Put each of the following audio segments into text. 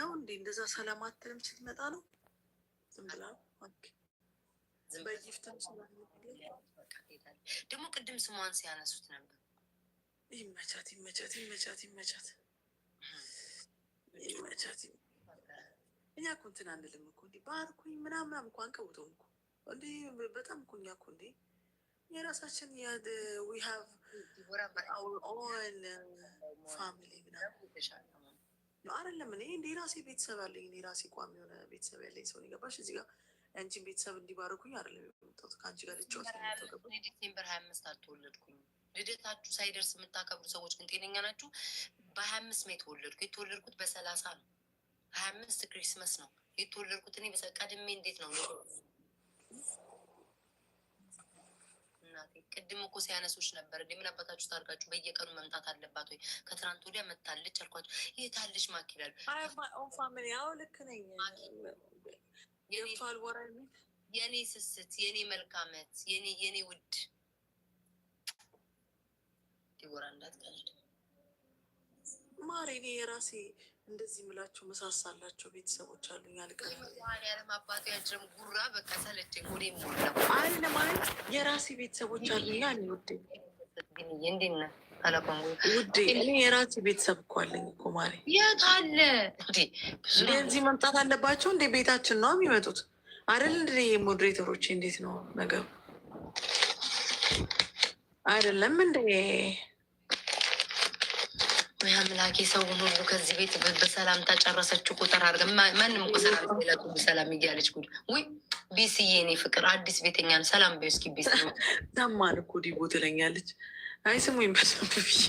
ነው እንዴ? እንደዛ ሰላም አትልም ስትመጣ ነው ዝም ብላ ደግሞ ቅድም ስሟን ሲያነሱት ነበር። ይመቻት ይመቻት ይመቻት ይመቻት ይመቻት። እኛ እኮ እንትን አንልም እኮ እንዲህ ባርኩኝ ምናምናም እኮ አንቀውጠውም እኮ እንዲህ በጣም እኮ እኛ እኮ እንዲህ የራሳችን ዊ ሃቭ ኦን ፋሚሊ ምናምን አይደለም እኔ እንዴ ራሴ ቤተሰብ አለኝ። እኔ ራሴ ቋሚ የሆነ ቤተሰብ ያለኝ ሰው ገባሽ። እዚህ ጋር የአንቺን ቤተሰብ እንዲባረኩኝ አይደለም የመጣሁት ከአንቺ ጋር ልጫወት። ዲሴምበር ሀያ አምስት አልተወለድኩኝ። ልደታችሁ ሳይደርስ የምታከብሩ ሰዎች ግን ጤነኛ ናችሁ። በሀያ አምስት ነው የተወለድኩ። የተወለድኩት በሰላሳ ነው። ሀያ አምስት ክሪስመስ ነው የተወለድኩት እኔ ቀድሜ። እንዴት ነው ቅድም እኮ ሲያነሶች ነበር። ምን አባታችሁ ታርጋችሁ በየቀኑ መምጣት አለባት ወይ? ከትናንት ወዲያ መታለች አልኳቸው። የታለች ማኪ ይላሉ። ያው ልክ ነኝ። የኔ ስስት፣ የኔ መልካመት፣ የኔ ውድ ዲቦራ እንዳትቀልድ ማሬ፣ እኔ የራሴ እንደዚህ ምላቸው መሳሳላቸው ቤተሰቦች አሉኝ። አልቀረም አባቱ ያጅም ጉራ በቃ ሰለቸኝ። ጎዴ አለ ማለት የራሴ ቤተሰቦች አሉኝ። አን ውዴ ውዴ እኔ የራሴ ቤተሰብ እኮ አለኝ እኮ ማሪ። የት አለ እንደዚህ መምጣት አለባቸው እንደ ቤታችን ነው የሚመጡት አይደል? እንደ ሞዴሬተሮች እንዴት ነው ነገሩ? አይደለም እንደ አምላኬ ሰው ሁሉ ከዚህ ቤት በሰላም ጨረሰችው ቁጥር አርገ ማንም እኮ ሰላም ላቱ ሰላም እያለች ጉድ ውይ ቢስዬ እኔ ፍቅር አዲስ ቤተኛን ሰላም በይ እስኪ ቢስ ዘማን እኮ ዲቦ ትለኛለች። አይ ስሙ በሰብ ብዬ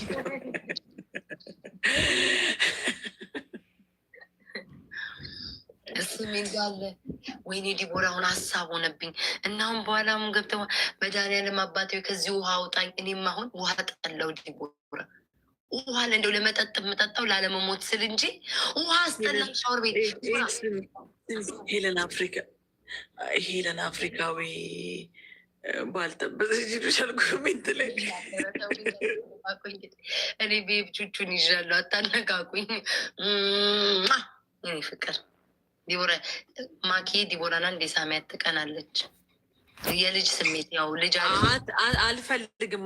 እሱ እንዳለ ወይኔ ዲቦራ አሁን ሀሳብ ሆነብኝ እናሁን በኋላ አሁን ገብተ መድኃኒዓለም አባቴ ከዚህ ውሃ አውጣኝ። እኔም አሁን ውሃ ጠላው ዲቦራ ውሃ እንደው ለመጠጥ የምጠጣው ላለመሞት ስል እንጂ ውሃ አስጠላ። ሻወር ቤት ሄለን አፍሪካ ሄለን አፍሪካዊ ባልጠበሰች ይሉሻል። ኮሜንት ላይ እኔ ቤብ ቹቹን ይዣለሁ፣ አታነቃቁኝ። እኔ ፍቅር ዲቦራ ማኪ ዲቦራና እንዴ ሳሚያት ትቀናለች። የልጅ ስሜት ያው ልጅ አልፈልግም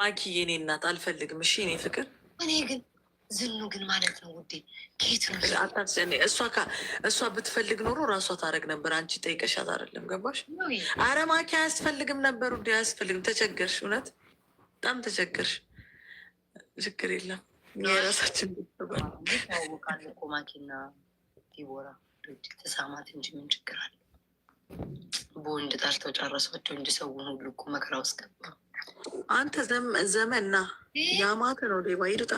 ማኪ የኔ እናት አልፈልግም። እሺ የኔ ፍቅር። እኔ ግን ዝኑ ግን ማለት ነው ውዴ፣ ኬት እሷ ብትፈልግ ኖሮ ራሷ ታደርግ ነበር። አንቺ ጠይቀሻት አይደለም? ገባሽ? አረ ማኪ አያስፈልግም ነበር ውዴ፣ አያስፈልግም። ተቸገርሽ፣ እውነት በጣም ተቸገርሽ። ችግር የለም የራሳችን ታወቃል እኮ ማኪና ዲቦራ ተሳማት እንጂ ምን ችግር አለ? በወንድ ጣርተው ጨረሷቸው እንጂ ሰውን ሁሉ እኮ መከራ ውስጥ ገባ። አንተ ዘመና ያማተ ነው። ሌባ ይርጣ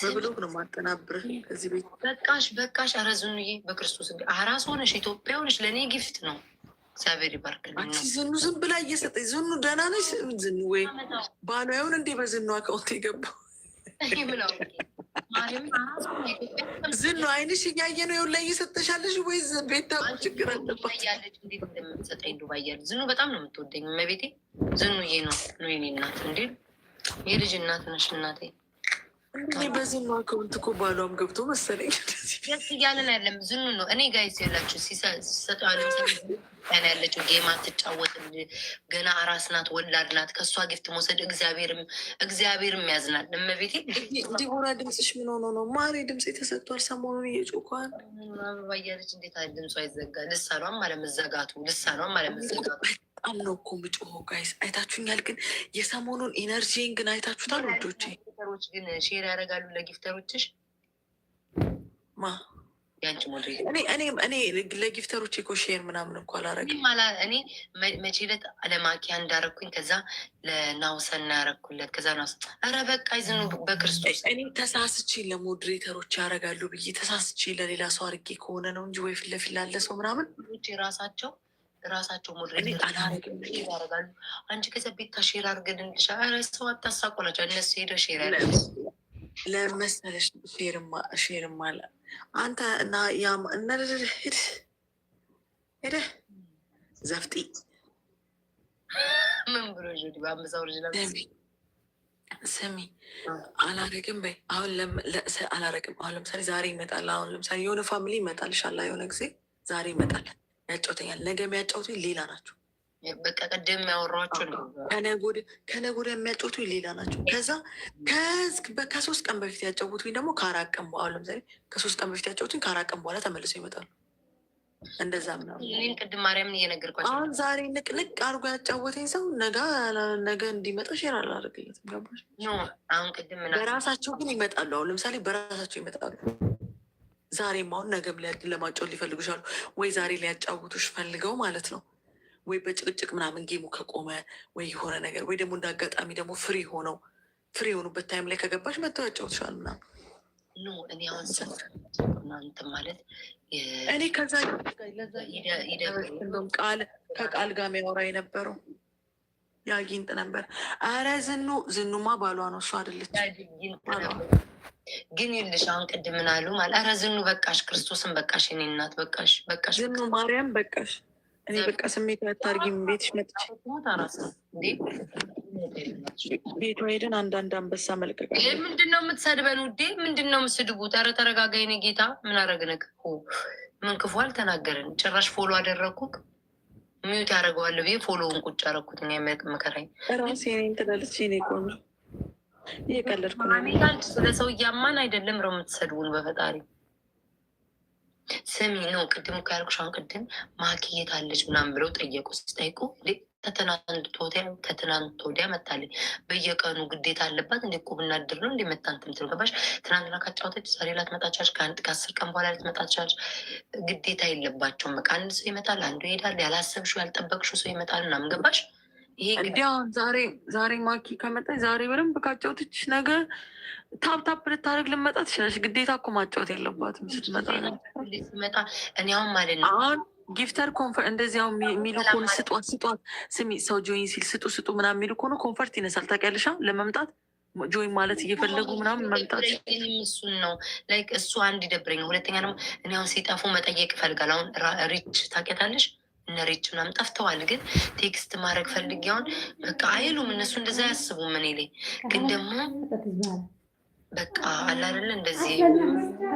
በብሎክ ነው ማጠናብር እዚህ ቤት በቃሽ፣ በቃሽ። ኧረ ዝኑዬ በክርስቶስ አራስ ሆነሽ ኢትዮጵያ ሆነሽ ለእኔ ጊፍት ነው። እግዚአብሔር ይባርክ። ዝኑ ዝም ብላ እየሰጠች ዝኑ ደህና ነሽ? ዝኑ ወይ ባሏ ይሁን እንዴ በዝኑ አካውንት የገባው ዝኑ አይንሽ እያየ ነው ላ እየሰጠሻለሽ ወይ ቤታ ችግር አለባለች። እንዴት እንደምትሰጠኝ ዱባይ እያለች ዝኑ በጣም ነው የምትወደኝ። መቤቴ ዝኑ ዬ ነው ነው የኔ እናት እንዴ የልጅ እናት ነሽ እናቴ እኔ በዚህ አካውንት እኮ ባሏም ገብቶ መሰለኝ ደስ እያለን ያለም ዝኑ ነው። እኔ ጋይስ የላችሁ ሲሰጡ ያለችው ጌማ አትጫወትም። ገና አራስ ናት፣ ወላድ ናት። ከእሷ ጊፍት መውሰድ እግዚአብሔርም እግዚአብሔርም ያዝናል። እመቤቴ ዲቦራ ድምፅሽ ምን ሆኖ ነው? ማሬ ድምፅ የተሰጥቷል። ሰሞኑን እየጮኳል አበባ እያለች እንዴት ድምፁ አይዘጋ? ልሳኗም አለመዘጋቱ ልሳኗም አለመዘጋቱ በጣም ነው እኮ ምጮሆ ጋይስ አይታችሁኛል። ግን የሰሞኑን ኢነርጂን ግን አይታችሁታል ወዶች ግን ሼር ያደርጋሉ ለጊፍተሮችሽ ማ እኔ ለጊፍተሮች እኮ ሼር ምናምን እኮ አላረግም። እኔ መቼ ዕለት ለማኪያ እንዳረግኩኝ ከዛ ለናውሰን እናያረግኩለት ከዛ ናውሰ ኧረ በቃ ይዝኑ በክርስቶስ እኔ ተሳስቼ ለሞድሬተሮች ያደርጋሉ ብዬ ተሳስቼ ለሌላ ሰው አርጌ ከሆነ ነው እንጂ ወይ ፊት ለፊት ላለ ሰው ምናምን ራሳቸው ራሳቸው ሞድሬት ያደርጋሉ። አንቺ ከዛ ቤታ ሼር አድርገን እንሻ ሰው አታሳቁ ናቸው እነሱ ሄደ ሼር ያለ ለመሰለሽ ሼርማ አለ አንተ እና ያማ እና ሄድ ሄደ ዘፍጢ ምን ብሎ በአምሳው ልጅ ስሚ አላረግም በይ አሁን አላረግም። አሁን ለምሳሌ ዛሬ ይመጣል። አሁን ለምሳሌ የሆነ ፋሚሊ ይመጣል። ሻላ የሆነ ጊዜ ዛሬ ይመጣል። ያጫውተኛል። ነገ የሚያጫውቱ ሌላ ናቸው። በቃ ቅድም ነው። ከነገ ወዲያ የሚያጫውቱኝ ሌላ ናቸው። ከዛ ከሶስት ቀን በፊት ወይ ደግሞ ከአራት ቀን በኋላ ለምሳሌ ከሶስት ቀን በፊት ያጫውቱ ከአራት ቀን በኋላ ተመልሰው ይመጣሉ። እንደዛ ምናምን ቅድም ማርያምን እየነገርኳቸው አሁን ዛሬ ንቅንቅ አድርጎ ያጫወተኝ ሰው ነገ ነገ እንዲመጣ ሼር አላደርግለትም። ገባሽ? አሁን ቅድም በራሳቸው ግን ይመጣሉ። አሁን ለምሳሌ በራሳቸው ይመጣሉ። ዛሬም አሁን ነገም ለማጫወት ሊፈልጉ ይችላሉ። ወይ ዛሬ ሊያጫውቱሽ ፈልገው ማለት ነው። ወይ በጭቅጭቅ ምናምን ጌሙ ከቆመ ወይ የሆነ ነገር ወይ ደግሞ እንዳጋጣሚ ደግሞ ፍሪ ሆነው ፍሪ የሆኑበት ታይም ላይ ከገባሽ መተው ያጫውትሻል ምናምን ኖ እኔ አሁን ሰናንት ማለት እኔ ከዛ ቃል ከቃል ጋር የሚያወራ የነበረው ያጊንጥ ነበር። አረ ዝኑ ዝኑማ ባሏ ነው እሱ አደለች። ግን ይልሽ አሁን ቅድም ምን አሉ ማለት ኧረ ዝኑ በቃሽ፣ ክርስቶስን በቃሽ፣ የእኔ እናት በቃሽ፣ በቃሽ፣ ዝኑ ማርያም በቃሽ። እኔ በቃ ስሜት አታርጊም። ቤትሽ መጥቼ ቤቷ ሄደን አንዳንድ አንበሳ መልቀቅ ምንድን ነው የምትሰድበን? ውዴ ምንድነው የምትስድቡት? ኧረ ተረጋጋ የእኔ ጌታ። ምን አረግንክ? ምን ክፉ አልተናገርን። ጭራሽ ፎሎ አደረግኩክ ሚዩት ያደረገዋለሁ ብዬ ፎሎውን ቁጭ አረግኩት። መከራኝ ራሴ ትላለች ኔ ቆኖ እየቀለድኩ ነው። ስለ ሰው እያማን አይደለም ነው የምትሰድቡን። በፈጣሪ ስሚ ነው ቅድም እኮ ያልኩሽ። አሁን ቅድም ማኪ የት አለች ምናምን ብለው ጠየቁ። ሲጠይቁ ተትናንት ወዲያ መታለች። በየቀኑ ግዴታ አለባት እንዴ? እኮ ብናድር ነው እንዴ? መታን ትምትል ገባሽ። ትናንትና ካጫወተች ዛሬ ላትመጣ ቻለች። ከአንድ ከአስር ቀን በኋላ ላትመጣ ቻለች። ግዴታ የለባቸውም። በቃ አንድ ሰው ይመጣል፣ አንዱ ይሄዳል። ያላሰብሽው ያልጠበቅሽው ሰው ይመጣል ምናምን ገባሽ። እንግዲህ አሁን ዛሬ ዛሬ ማኪ ከመጣች ዛሬ በደንብ ካጫወተች ነገ ታፕታፕ ልታደርግ ልመጣ ትችላለች። ግዴታ እኮ ማጫወት የለባትም ስትመጣ ነው አሁን ጊፍተር ኮንፈርት እንደዚህ ሁ የሚሉ ከሆነ ስጧት ስጧት፣ ስሚ ሰው ጆይን ሲል ስጡ ስጡ ምናምን የሚሉ ከሆነ ኮንፈርት ይነሳል። ታውቂያለሽ ለመምጣት ጆይን ማለት እየፈለጉ ምናምን መምጣት እሱን ነው ላይክ እሱ አንድ ይደብረኛል። ሁለተኛ ደግሞ እኔ አሁን ሲጠፉ መጠየቅ ይፈልጋል። አሁን ሪች ታውቂያታለሽ ነሬት ምናምን ጠፍተዋል። ግን ቴክስት ማድረግ ፈልጊያውን አሁን በቃ አይሉም እነሱ እንደዛ ያስቡ ምን ላይ ግን ደግሞ በቃ አላደለ እንደዚህ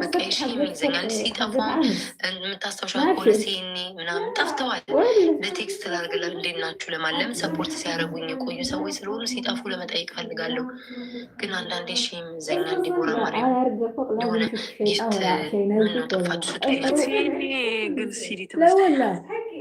በቃ ይሽ የሚይዘኛል ሲጠፋ የምታስታውሻ ኮል ሲኒ ምናምን ጠፍተዋል። ለቴክስት ላርግላ እንዴት ናችሁ ለማለም ሰፖርት ሲያደርጉኝ የቆዩ ሰዎች ስለሆኑ ሲጠፉ ለመጠየቅ ፈልጋለሁ። ግን አንዳንዴ ሺ የሚይዘኛ እንዲቦራ ማርያም የሆነ ጊፍት ምነው ጠፋችሁ ስጠይቅ ግን ሲዲ ትመስላል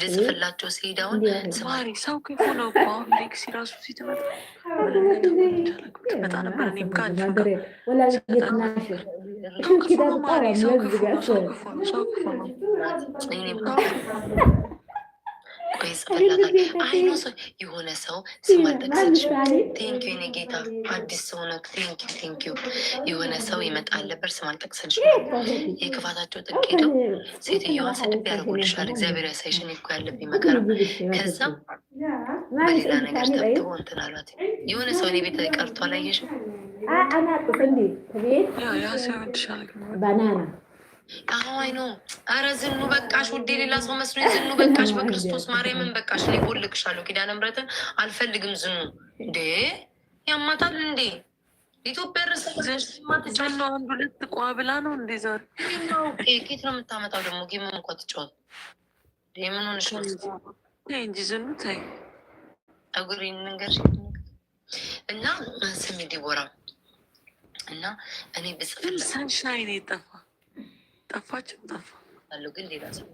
ልጽፍላቸው ሲሄድ አሁን ስማሪ ሰው ክፉ ነው። በአሁን ሌክሲ ራሱ ሲትመጣ ትመጣ ነበር። እኔም ከአንቺ ጋር ሰው ክፉ ነው። ማሪ ሰው ክፉ ነው። ሰው ክፉ ነው። ቆይ ሰው የሆነ ሰው ጌታ አዲስ ሰው ነው። ቴንኪ ቴንኪ የሆነ ሰው ይመጣል ነበር የክፋታቸው ሴትዮዋን ስድብ ያደርጉልሻል። እግዚአብሔር ያሳይሽን እኮ ያለብኝ መከራ። ከዛ በሌላ ነገር ተብትቦ እንትን አሏት። የሆነ ሰው እኔ ቤት ቀርቶ አላየሽም? አሁን አይኖ አረ ዝኑ በቃሽ ውዴ፣ ሌላ ሰው መስሎኝ። ዝኑ በቃሽ፣ በክርስቶስ ማርያምን በቃሽ። እኔ ቦልቅሻለሁ፣ ኪዳነ ምሕረትን አልፈልግም። ዝኑ እንዴ ያማታል እንዴ ኢትዮጵያ አንድ ሁለት ቋብላ ነው እንዴ ዛሬ ኬት ነው የምታመጣው? ደግሞ ጌም እንኳ ትጫወት ምን ሆነሽ ነው እንጂ ዝኑ ታይ ጠጉሬን እና ስሜ ዲቦራ እና እኔ ብጽፍልሳንሻይን የጠፋ ጠፋች ጠፋ አሉ ግን ሌላ ሰው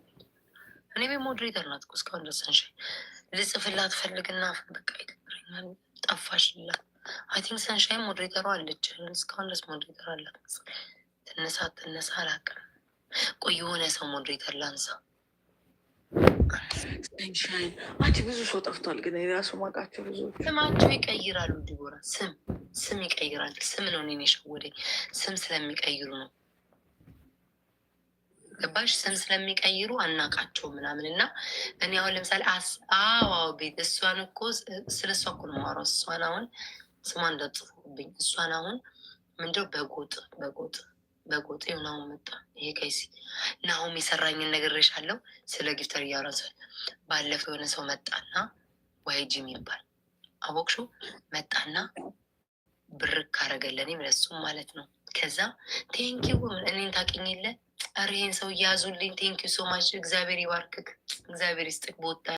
እኔ ቤት ሞዴሬተር ናት እስካሁን ደሰንሽ እንሽ ልጽፍላት ፈልግና በቃ ይደብረኛል። ጠፋሽላት። አይ ቲንክ ሰንሻይን ሞዴሬተሯ አለች። እስካሁን ደስ ሞዴሬተር አላት። ትነሳ ትነሳ አላውቅም። ቆይ የሆነ ሰው ሞዴሬተር ላንሳ። ሰንሻይን አንቺ ብዙ ሰው ጠፍቷል፣ ግን የራሱ ማውቃቸው ብዙ ስማቸው ይቀይራሉ። ዲቦራ ስም ስም ይቀይራል። ስም ነው እኔን የሸወደኝ። ስም ስለሚቀይሩ ነው ገባሽ ስም ስለሚቀይሩ አናቃቸው ምናምን እና እኔ አሁን ለምሳሌ አዋው ቤት እሷን እኮ ስለ እሷ እኮ ነው የማወራው። እሷን አሁን ስሟን እንዳትጽፉብኝ። እሷን አሁን ምንድው በጎጥ በጎጥ በጎጥ የሆነ አሁን መጣ ይሄ ከይሲ እና አሁን የሰራኝን ነግሬሻለሁ። ስለ ጊፍተር እያወራሁ ባለፈው የሆነ ሰው መጣና ዋይ ጂም ይባል አወቅሽው መጣና ብር ካረገለኔ እሱም ማለት ነው። ከዛ ቴንኪው እኔን ታውቂኝ የለ ኧረ ይሄን ሰው እያዙልኝ። ቴንኪ ሶ ማች። እግዚአብሔር ይባርክክ። እግዚአብሔር ይስጥቅ ቦታ